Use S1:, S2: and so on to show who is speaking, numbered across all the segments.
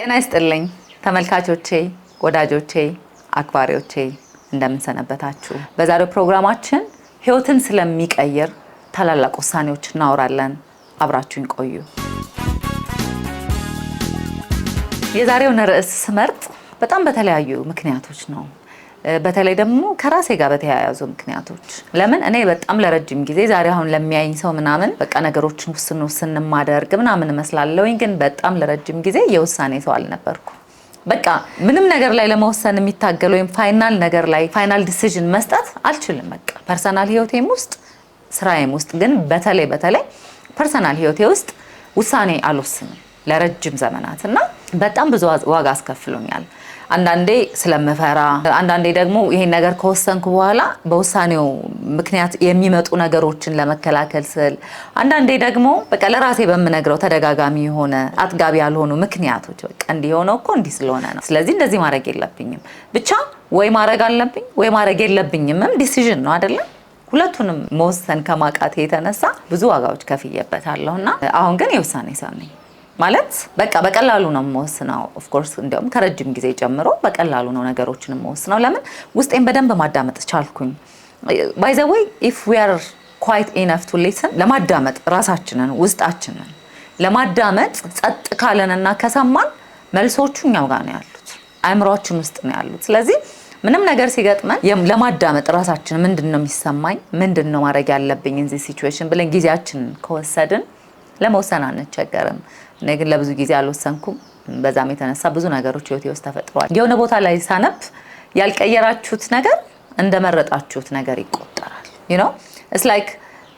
S1: ጤና ይስጥልኝ ተመልካቾቼ፣ ወዳጆቼ፣ አክባሪዎቼ እንደምንሰነበታችሁ። በዛሬው ፕሮግራማችን ህይወትን ስለሚቀይር ታላላቅ ውሳኔዎች እናወራለን። አብራችሁን ቆዩ። የዛሬውን ርዕስ ስመርጥ በጣም በተለያዩ ምክንያቶች ነው። በተለይ ደግሞ ከራሴ ጋር በተያያዙ ምክንያቶች ለምን እኔ በጣም ለረጅም ጊዜ ዛሬ አሁን ለሚያይኝ ሰው ምናምን በቃ ነገሮችን ውስን ውስን ማደርግ ምናምን እመስላለሁኝ፣ ግን በጣም ለረጅም ጊዜ የውሳኔ ሰው አልነበርኩ። በቃ ምንም ነገር ላይ ለመወሰን የሚታገል ወይም ፋይናል ነገር ላይ ፋይናል ዲሲዥን መስጠት አልችልም። በቃ ፐርሰናል ህይወቴም ውስጥ ስራዬም ውስጥ ግን በተለይ በተለይ ፐርሰናል ህይወቴ ውስጥ ውሳኔ አልወስንም ለረጅም ዘመናት እና በጣም ብዙ ዋጋ አስከፍሎኛል። አንዳንዴ ስለምፈራ፣ አንዳንዴ ደግሞ ይሄን ነገር ከወሰንኩ በኋላ በውሳኔው ምክንያት የሚመጡ ነገሮችን ለመከላከል ስል፣ አንዳንዴ ደግሞ በቃ ለራሴ በምነግረው ተደጋጋሚ የሆነ አጥጋቢ ያልሆኑ ምክንያቶች በቃ እንዲሆነው እኮ እንዲህ ስለሆነ ነው፣ ስለዚህ እንደዚህ ማድረግ የለብኝም ብቻ ወይ ማድረግ አለብኝ ወይ ማድረግ የለብኝምም ዲሲዥን ነው አይደለም። ሁለቱንም መወሰን ከማቃቴ የተነሳ ብዙ ዋጋዎች ከፍዬበታለሁ እና አሁን ግን የውሳኔ ሰው ነኝ። ማለት በቃ በቀላሉ ነው የምወስነው። ኦፍኮርስ እንዲያውም ከረጅም ጊዜ ጀምሮ በቀላሉ ነው ነገሮችን የምወስነው። ለምን ውስጤን በደንብ ማዳመጥ ቻልኩኝ። ባይ ዘ ወይ ኢፍ ዊ አር ኳይት ኢነፍ ቱ ሊስን ለማዳመጥ ራሳችንን ውስጣችንን ለማዳመጥ ጸጥ ካለንና ከሰማን መልሶቹ እኛው ጋር ነው ያሉት፣ አእምሯችን ውስጥ ነው ያሉት። ስለዚህ ምንም ነገር ሲገጥመን ለማዳመጥ ራሳችን ምንድን ነው የሚሰማኝ፣ ምንድን ነው ማድረግ ያለብኝ እዚህ ሲቹዌሽን ብለን ጊዜያችንን ከወሰድን ለመወሰን አንቸገርም። እኔ ግን ለብዙ ጊዜ አልወሰንኩም። በዛም የተነሳ ብዙ ነገሮች ህይወቴ ውስጥ ተፈጥረዋል። የሆነ ቦታ ላይ ሳነብ ያልቀየራችሁት ነገር እንደመረጣችሁት ነገር ይቆጠራል። ዩ ኖ ኢትስ ላይክ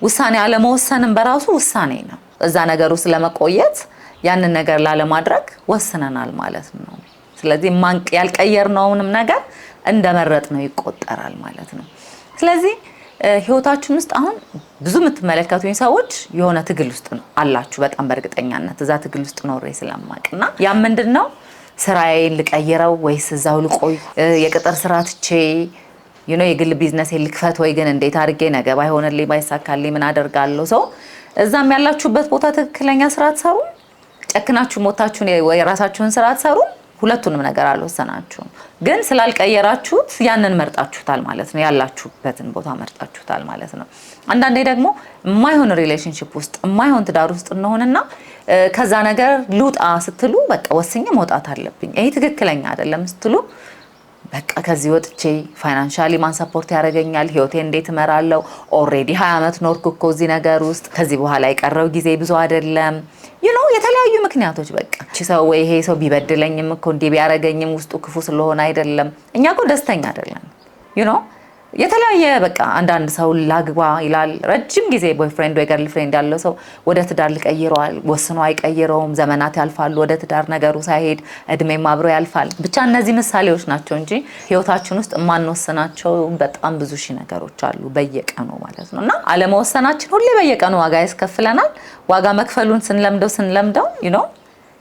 S1: ውሳኔ አለመወሰንም በራሱ ውሳኔ ነው። እዛ ነገር ውስጥ ለመቆየት ያንን ነገር ላለማድረግ ወስነናል ማለት ነው። ስለዚህ ያልቀየርነውንም ነገር እንደመረጥ ነው ይቆጠራል ማለት ነው። ስለዚህ ህይወታችን ውስጥ አሁን ብዙ የምትመለከቱኝ ሰዎች የሆነ ትግል ውስጥ ነው አላችሁ። በጣም በእርግጠኛነት እዛ ትግል ውስጥ ኖሬ ስለማቅ እና ያ ምንድን ነው ስራዬን ልቀይረው ወይስ እዛው ልቆይ የቅጥር ስራ ትቼ ዩኖ የግል ቢዝነስ ልክፈት ወይ ግን እንዴት አድርጌ ነገ ባይሆንልኝ ባይሳካልኝ ምን አደርጋለሁ? ሰው እዛም ያላችሁበት ቦታ ትክክለኛ ስራ ትሰሩ ጨክናችሁ ሞታችሁን የራሳችሁን ስራ አትሰሩም። ሁለቱንም ነገር አልወሰናችሁም፣ ግን ስላልቀየራችሁት ያንን መርጣችሁታል ማለት ነው። ያላችሁበትን ቦታ መርጣችሁታል ማለት ነው። አንዳንዴ ደግሞ የማይሆን ሪሌሽንሽፕ ውስጥ የማይሆን ትዳር ውስጥ እንሆንና ከዛ ነገር ልውጣ ስትሉ በቃ ወስኜ መውጣት አለብኝ ይሄ ትክክለኛ አይደለም ስትሉ በቃ ከዚህ ወጥቼ ፋይናንሻሊ ማን ሰፖርት ያደርገኛል? ህይወቴ እንዴት እመራለሁ? ኦሬዲ ሀያ ዓመት ኖርኩ እኮ እዚህ ነገር ውስጥ ከዚህ በኋላ የቀረው ጊዜ ብዙ አይደለም የተለያዩ ምክንያቶች በቃ ሰው ወይ ይሄ ሰው ቢበድለኝም እኮ እንዲህ ቢያረገኝም ውስጡ ክፉ ስለሆነ አይደለም። እኛ እኮ ደስተኛ አይደለም ዩ የተለያየ በቃ አንዳንድ ሰው ላግባ ይላል። ረጅም ጊዜ ቦይፍሬንድ ወይ ገርል ፍሬንድ ያለው ሰው ወደ ትዳር ሊቀይረዋል፣ ወስኖ አይቀይረውም። ዘመናት ያልፋሉ፣ ወደ ትዳር ነገሩ ሳይሄድ እድሜም አብሮ ያልፋል። ብቻ እነዚህ ምሳሌዎች ናቸው እንጂ ህይወታችን ውስጥ የማንወስናቸው በጣም ብዙ ሺህ ነገሮች አሉ፣ በየቀኑ ማለት ነው። እና አለመወሰናችን ሁሌ በየቀኑ ዋጋ ያስከፍለናል። ዋጋ መክፈሉን ስንለምደው ስንለምደው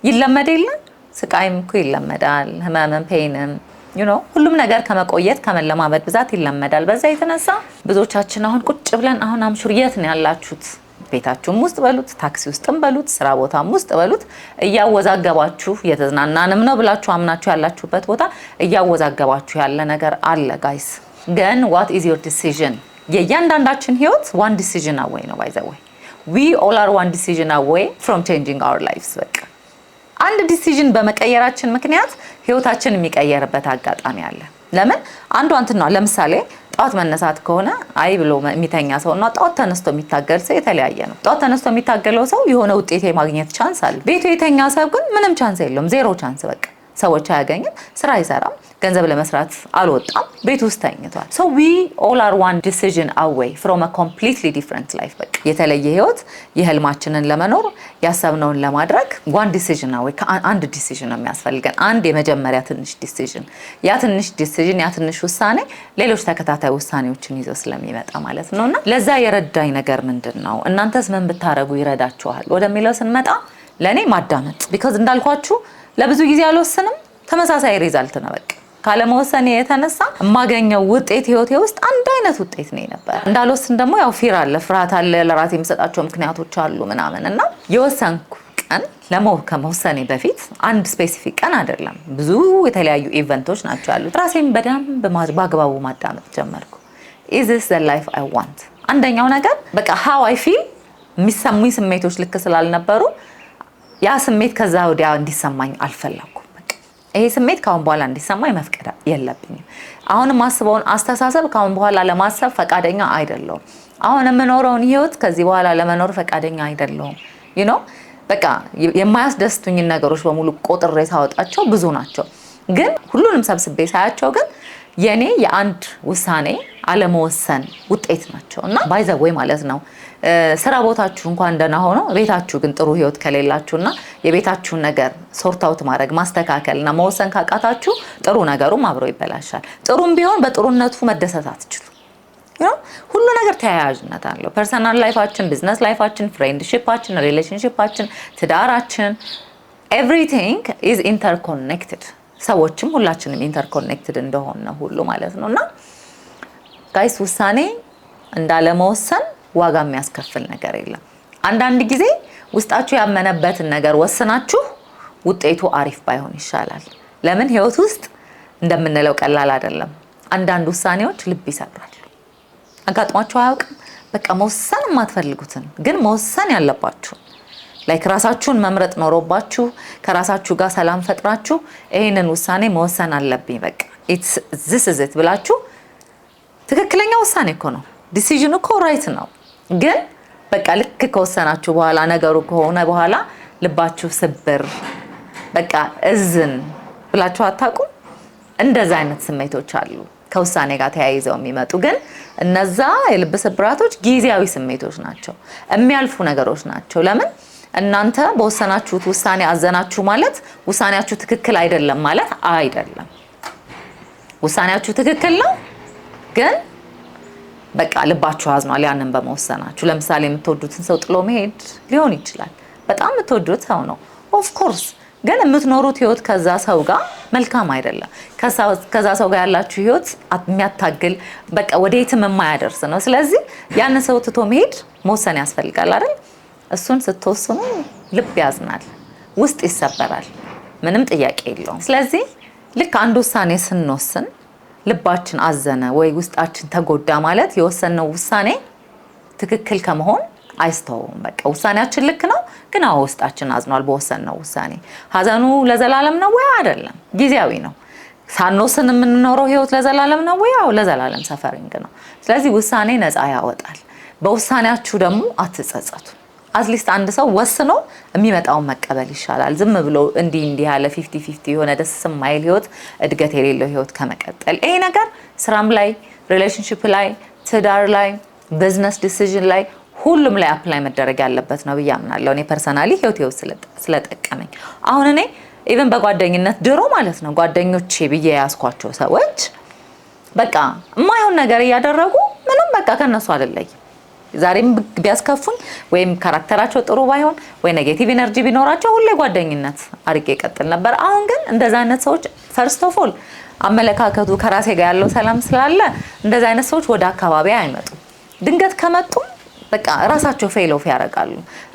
S1: ይለመድ የለን ስቃይም እኮ ይለመዳል፣ ህመምም ፔንም ዩ ኖ ሁሉም ነገር ከመቆየት ከመለማመድ ብዛት ይለመዳል። በዛ የተነሳ ብዙዎቻችን አሁን ቁጭ ብለን አሁን አምሹር የት ነው ያላችሁት? ቤታችሁም ውስጥ በሉት፣ ታክሲ ውስጥም በሉት፣ ስራ ቦታም ውስጥ በሉት እያወዛገባችሁ የተዝናናንም ነው ብላችሁ አምናችሁ ያላችሁበት ቦታ እያወዛገባችሁ ያለ ነገር አለ። ጋይስ ግን ዋት ኢዝ ዮር ዲሲዥን? የእያንዳንዳችን ህይወት ዋን ዲሲዥን አወይ ነው ባይዘ ወይ ዊ ኦል አር ዋን ዲሲዥን አወይ ፍሮም ቼንጂንግ አወር ላይፍስ በቃ አንድ ዲሲዥን በመቀየራችን ምክንያት ህይወታችን የሚቀየርበት አጋጣሚ አለ። ለምን አንዱ አንትና ለምሳሌ ጠዋት መነሳት ከሆነ አይ ብሎ የሚተኛ ሰው እና ጠዋት ተነስቶ የሚታገል ሰው የተለያየ ነው። ጠዋት ተነስቶ የሚታገለው ሰው የሆነ ውጤት የማግኘት ቻንስ አለ። ቤቱ የተኛ ሰው ግን ምንም ቻንስ የለውም፣ ዜሮ ቻንስ በቃ ሰዎች አያገኝም፣ ስራ አይሰራም፣ ገንዘብ ለመስራት አልወጣም፣ ቤት ውስጥ ተኝቷል። ሶ ዊ ኦል አር ዋን ዲሲዥን አዌይ ፍሮም ኮምፕሊትሊ ዲፍረንት ላይፍ። በቃ የተለየ ህይወት የህልማችንን ለመኖር ያሰብነውን ለማድረግ ዋን ዲሲዥን አዌይ፣ አንድ ዲሲዥን ነው የሚያስፈልገን፣ አንድ የመጀመሪያ ትንሽ ዲሲዥን። ያ ትንሽ ዲሲዥን፣ ያ ትንሽ ውሳኔ ሌሎች ተከታታይ ውሳኔዎችን ይዘው ስለሚመጣ ማለት ነው። እና ለዛ የረዳኝ ነገር ምንድን ነው? እናንተስ ምን ብታደረጉ ይረዳችኋል ወደሚለው ስንመጣ ለእኔ ማዳመጥ ቢካዝ እንዳልኳችሁ ለብዙ ጊዜ አልወስንም። ተመሳሳይ ሪዛልት ነው በቃ ካለመወሰኔ የተነሳ የማገኘው ውጤት ህይወቴ ውስጥ አንድ አይነት ውጤት ነው የነበረ። እንዳልወስን ደግሞ ያው ፊር አለ፣ ፍርሃት አለ፣ ለራሴ የምሰጣቸው ምክንያቶች አሉ ምናምን እና የወሰንኩ ቀን ከመወሰኔ በፊት አንድ ስፔሲፊክ ቀን አይደለም፣ ብዙ የተለያዩ ኢቨንቶች ናቸው ያሉት። ራሴን በደንብ በአግባቡ ማዳመጥ ጀመርኩ። ኢዝስ ዘ ላይፍ አይ ዋንት። አንደኛው ነገር በቃ ሃው አይ ፊል የሚሰሙኝ ስሜቶች ልክ ስላልነበሩ ያ ስሜት ከዛ ወዲያ እንዲሰማኝ አልፈለግኩም። ይሄ ስሜት ካሁን በኋላ እንዲሰማኝ መፍቀድ የለብኝም። አሁን ማስበውን አስተሳሰብ ካሁን በኋላ ለማሰብ ፈቃደኛ አይደለውም። አሁን የምኖረውን ህይወት ከዚህ በኋላ ለመኖር ፈቃደኛ አይደለውም። ዩ ኖ በቃ የማያስደስቱኝን ነገሮች በሙሉ ቆጥሬ ሳወጣቸው ብዙ ናቸው፣ ግን ሁሉንም ሰብስቤ ሳያቸው ግን የኔ የአንድ ውሳኔ አለመወሰን ውጤት ናቸው እና ወይ ማለት ነው። ስራ ቦታችሁ እንኳን ደህና ሆኖ ቤታችሁ ግን ጥሩ ህይወት ከሌላችሁ እና የቤታችሁን ነገር ሶርታውት ማድረግ ማስተካከል እና መወሰን ካቃታችሁ ጥሩ ነገሩም አብሮ ይበላሻል። ጥሩም ቢሆን በጥሩነቱ መደሰት አትችሉ። ሁሉ ነገር ተያያዥነት አለው። ፐርሰናል ላይፋችን፣ ቢዝነስ ላይፋችን፣ ፍሬንድሺፓችን፣ ሪሌሽንሽፓችን ትዳራችን ኤቭሪቲንግ ኢዝ ኢንተርኮኔክትድ ሰዎችም ሁላችንም ኢንተርኮኔክትድ እንደሆነ ሁሉ ማለት ነው እና ጋይስ ውሳኔ እንዳለመወሰን ዋጋ የሚያስከፍል ነገር የለም። አንዳንድ ጊዜ ውስጣችሁ ያመነበትን ነገር ወስናችሁ ውጤቱ አሪፍ ባይሆን ይሻላል። ለምን ህይወት ውስጥ እንደምንለው ቀላል አይደለም። አንዳንድ ውሳኔዎች ልብ ይሰራል አጋጥሟችሁ አያውቅም? በቃ መወሰን የማትፈልጉትን ግን መወሰን ያለባችሁን ላይክ ራሳችሁን መምረጥ ኖሮባችሁ ከራሳችሁ ጋር ሰላም ፈጥራችሁ ይህንን ውሳኔ መወሰን አለብኝ በቃ ዚስ ብላችሁ ትክክለኛ ውሳኔ እኮ ነው። ዲሲዥን እኮ ራይት ነው። ግን በቃ ልክ ከወሰናችሁ በኋላ ነገሩ ከሆነ በኋላ ልባችሁ ስብር በቃ እዝን ብላችሁ አታውቁም። እንደዛ አይነት ስሜቶች አሉ ከውሳኔ ጋር ተያይዘው የሚመጡ ግን እነዛ የልብ ስብራቶች ጊዜያዊ ስሜቶች ናቸው፣ የሚያልፉ ነገሮች ናቸው። ለምን እናንተ በወሰናችሁት ውሳኔ አዘናችሁ ማለት ውሳኔያችሁ ትክክል አይደለም ማለት አይደለም። ውሳኔያችሁ ትክክል ነው፣ ግን በቃ ልባችሁ አዝኗል ያንን በመወሰናችሁ። ለምሳሌ የምትወዱትን ሰው ጥሎ መሄድ ሊሆን ይችላል። በጣም የምትወዱት ሰው ነው ኦፍኮርስ ግን የምትኖሩት ህይወት ከዛ ሰው ጋር መልካም አይደለም። ከዛ ሰው ጋር ያላችሁ ህይወት የሚያታግል በቃ ወደ የትም የማያደርስ ነው። ስለዚህ ያንን ሰው ትቶ መሄድ መወሰን ያስፈልጋል አይደል? እሱን ስትወስኑ ልብ ያዝናል፣ ውስጥ ይሰበራል። ምንም ጥያቄ የለውም። ስለዚህ ልክ አንድ ውሳኔ ስንወስን ልባችን አዘነ ወይ ውስጣችን ተጎዳ ማለት የወሰንነው ውሳኔ ትክክል ከመሆን አይስተውም። በቃ ውሳኔያችን ልክ ነው፣ ግን አዎ ውስጣችን አዝኗል በወሰንነው ውሳኔ። ሀዘኑ ለዘላለም ነው ወይ አይደለም? ጊዜያዊ ነው። ሳንወስን የምንኖረው ህይወት ለዘላለም ነው ወይ? አዎ ለዘላለም ሰፈሪንግ ነው። ስለዚህ ውሳኔ ነፃ ያወጣል። በውሳኔያችሁ ደግሞ አትጸጸቱ። አትሊስት አንድ ሰው ወስኖ የሚመጣውን መቀበል ይሻላል። ዝም ብሎ እንዲህ እንዲህ ያለ ፊፍቲ ፊፍቲ የሆነ ደስ የማይል ህይወት፣ እድገት የሌለው ህይወት ከመቀጠል ይሄ ነገር ስራም ላይ፣ ሪሌሽንሽፕ ላይ፣ ትዳር ላይ፣ ቢዝነስ ዲሲዥን ላይ ሁሉም ላይ አፕላይ መደረግ ያለበት ነው ብዬ አምናለሁ። እኔ ፐርሰናሊ ህይወቴ ውስጥ ስለጠቀመኝ አሁን እኔ ኢቨን በጓደኝነት ድሮ ማለት ነው ጓደኞቼ ብዬ ያስኳቸው ሰዎች በቃ የማይሆን ነገር እያደረጉ ምንም በቃ ከነሱ አልለይም። ዛሬም ቢያስከፉኝ ወይም ካራክተራቸው ጥሩ ባይሆን ወይ ኔጌቲቭ ኢነርጂ ቢኖራቸው ሁሌ ጓደኝነት አድርጌ ቀጥል ነበር። አሁን ግን እንደዛ አይነት ሰዎች ፈርስት ኦፍ ኦል አመለካከቱ ከራሴ ጋር ያለው ሰላም ስላለ እንደዛ አይነት ሰዎች ወደ አካባቢ አይመጡም። ድንገት ከመጡም በቃ ራሳቸው ፌል ኦፍ ያደርጋሉ።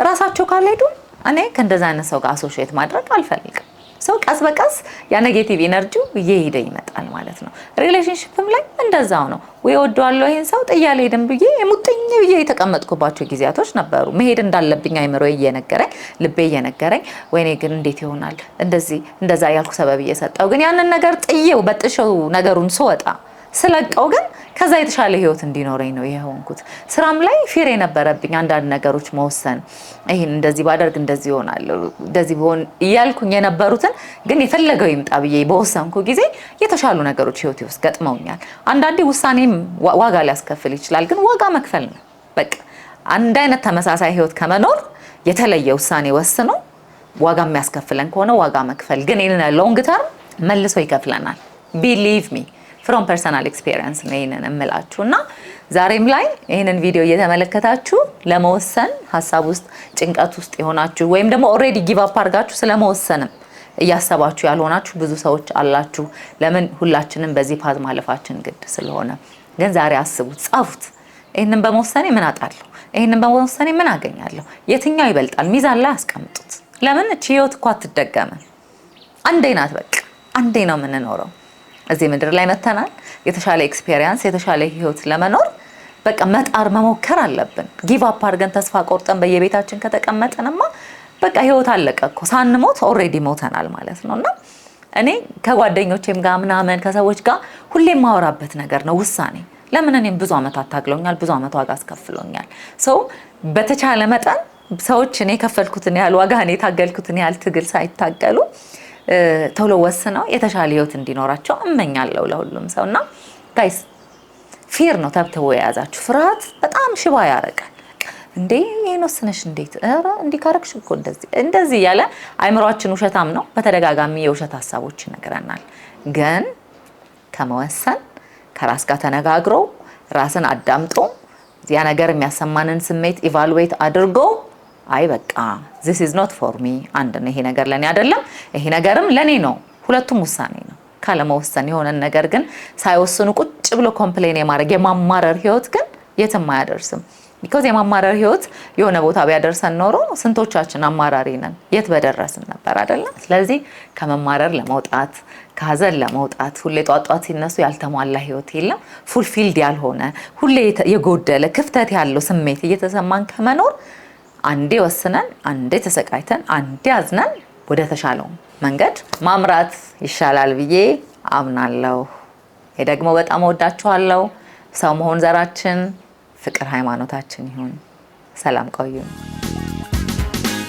S1: ራሳቸው ካልሄዱ እኔ ከእንደዛ አይነት ሰው ጋር አሶሽየት ማድረግ አልፈልግም። ሰው ቀስ በቀስ ያ ኔጌቲቭ ኢነርጂው እየሄደ ይመጣል። ይሆናል ማለት ነው። ሪሌሽንሽፕም ላይ እንደዛው ነው። ወይ ወደዋለሁ ይሄን ሰው ጥያ ልሄድም ብዬ የሙጥኝ ብዬ የተቀመጥኩባቸው ጊዜያቶች ነበሩ። መሄድ እንዳለብኝ አይምሮ እየነገረኝ ልቤ እየነገረኝ፣ ወይኔ ግን እንዴት ይሆናል እንደዚህ እንደዛ ያልኩ ሰበብ እየሰጠው ግን ያንን ነገር ጥዬው በጥሸው ነገሩን ስወጣ ስለቀው ግን ከዛ የተሻለ ህይወት እንዲኖረኝ ነው የሆንኩት። ስራም ላይ ፌር የነበረብኝ አንዳንድ ነገሮች መወሰን፣ ይህን እንደዚህ ባደርግ እንደዚህ ይሆናል እንደዚህ ሆን እያልኩኝ የነበሩትን ግን የፈለገው ይምጣ ብዬ በወሰንኩ ጊዜ የተሻሉ ነገሮች ህይወት ውስጥ ገጥመውኛል። አንዳንዴ ውሳኔም ዋጋ ሊያስከፍል ይችላል፣ ግን ዋጋ መክፈል ነው በቃ። አንድ አይነት ተመሳሳይ ህይወት ከመኖር የተለየ ውሳኔ ወስኖ ዋጋ የሚያስከፍለን ከሆነ ዋጋ መክፈል ግን ይህን ሎንግ ተርም መልሶ ይከፍለናል። ቢሊቭ ሚ ፍሮም ፐርሰናል ኤክስፔሪየንስ ነው ይህንን እምላችሁ እና ዛሬም ላይ ይህንን ቪዲዮ እየተመለከታችሁ ለመወሰን ሀሳብ ውስጥ ጭንቀት ውስጥ የሆናችሁ ወይም ደግሞ ኦልሬዲ ጊቭ አፕ አድርጋችሁ ስለመወሰንም እያሰባችሁ ያልሆናችሁ ብዙ ሰዎች አላችሁ። ለምን ሁላችንም በዚህ ፓዝ ማለፋችን ግድ ስለሆነ። ግን ዛሬ አስቡት፣ ጻፉት። ይህንን በመወሰኔ ምን አጣለሁ? ይህንን በመወሰኔ ምን አገኛለሁ? የትኛው ይበልጣል? ሚዛን ላይ አስቀምጡት። ለምን ህይወት እኮ አትደገምም። አንዴ ናት፣ በቃ አንዴ ነው የምንኖረው። እዚህ ምድር ላይ መተናል። የተሻለ ኤክስፔሪየንስ፣ የተሻለ ህይወት ለመኖር በቃ መጣር መሞከር አለብን። ጊቭ አፕ አድርገን ተስፋ ቆርጠን በየቤታችን ከተቀመጠንማ በቃ ህይወት አለቀ እኮ ሳንሞት ኦሬዲ ሞተናል ማለት ነው። እና እኔ ከጓደኞቼም ጋር ምናምን ከሰዎች ጋር ሁሌ የማወራበት ነገር ነው ውሳኔ ለምን እኔም ብዙ ዓመት አታግለውኛል፣ ብዙ ዓመት ዋጋ አስከፍሎኛል። ሰው በተቻለ መጠን ሰዎች እኔ የከፈልኩትን ያህል ዋጋ እኔ የታገልኩትን ያህል ትግል ሳይታገሉ ቶሎ ወስነው የተሻለ ህይወት እንዲኖራቸው እመኛለሁ ለሁሉም ሰው እና ጋይስ ፌር ነው ተብትቦ የያዛችሁ ፍርሃት በጣም ሽባ ያረጋል። እንዴ ይህን ወስነሽ እንዴት እንዲህ ካረግሽ እኮ እንደዚህ እንደዚህ እያለ አይምሯችን ውሸታም ነው። በተደጋጋሚ የውሸት ሀሳቦች ይነግረናል። ግን ከመወሰን ከራስ ጋር ተነጋግሮ ራስን አዳምጦ ያ ነገር የሚያሰማንን ስሜት ኢቫሉዌት አድርጎ አይ በቃ ዚስ ኢዝ ኖት ፎር ሚ አንድ ነው፣ ይሄ ነገር ለኔ አይደለም፣ ይሄ ነገርም ለኔ ነው። ሁለቱም ውሳኔ ነው። ካለመወሰን የሆነን ነገር ግን ሳይወስኑ ቁጭ ብሎ ኮምፕሌን የማድረግ የማማረር ህይወት ግን የትም አያደርስም። ቢኮዝ የማማረር ህይወት የሆነ ቦታ ቢያደርሰን ኖሮ ስንቶቻችን አማራሪ ነን? የት በደረስን ነበር አይደለም? ስለዚህ ከመማረር ለመውጣት ከሀዘን ለመውጣት ሁሌ ጧጧት ሲነሱ ያልተሟላ ህይወት የለም። ፉልፊልድ ያልሆነ ሁሌ የጎደለ ክፍተት ያለው ስሜት እየተሰማን ከመኖር አንዴ ወስነን፣ አንዴ ተሰቃይተን፣ አንዴ አዝነን ወደ ተሻለው መንገድ ማምራት ይሻላል ብዬ አምናለሁ። ይህ ደግሞ በጣም ወዳችኋለሁ። ሰው መሆን ዘራችን፣ ፍቅር ሃይማኖታችን ይሁን። ሰላም ቆዩ።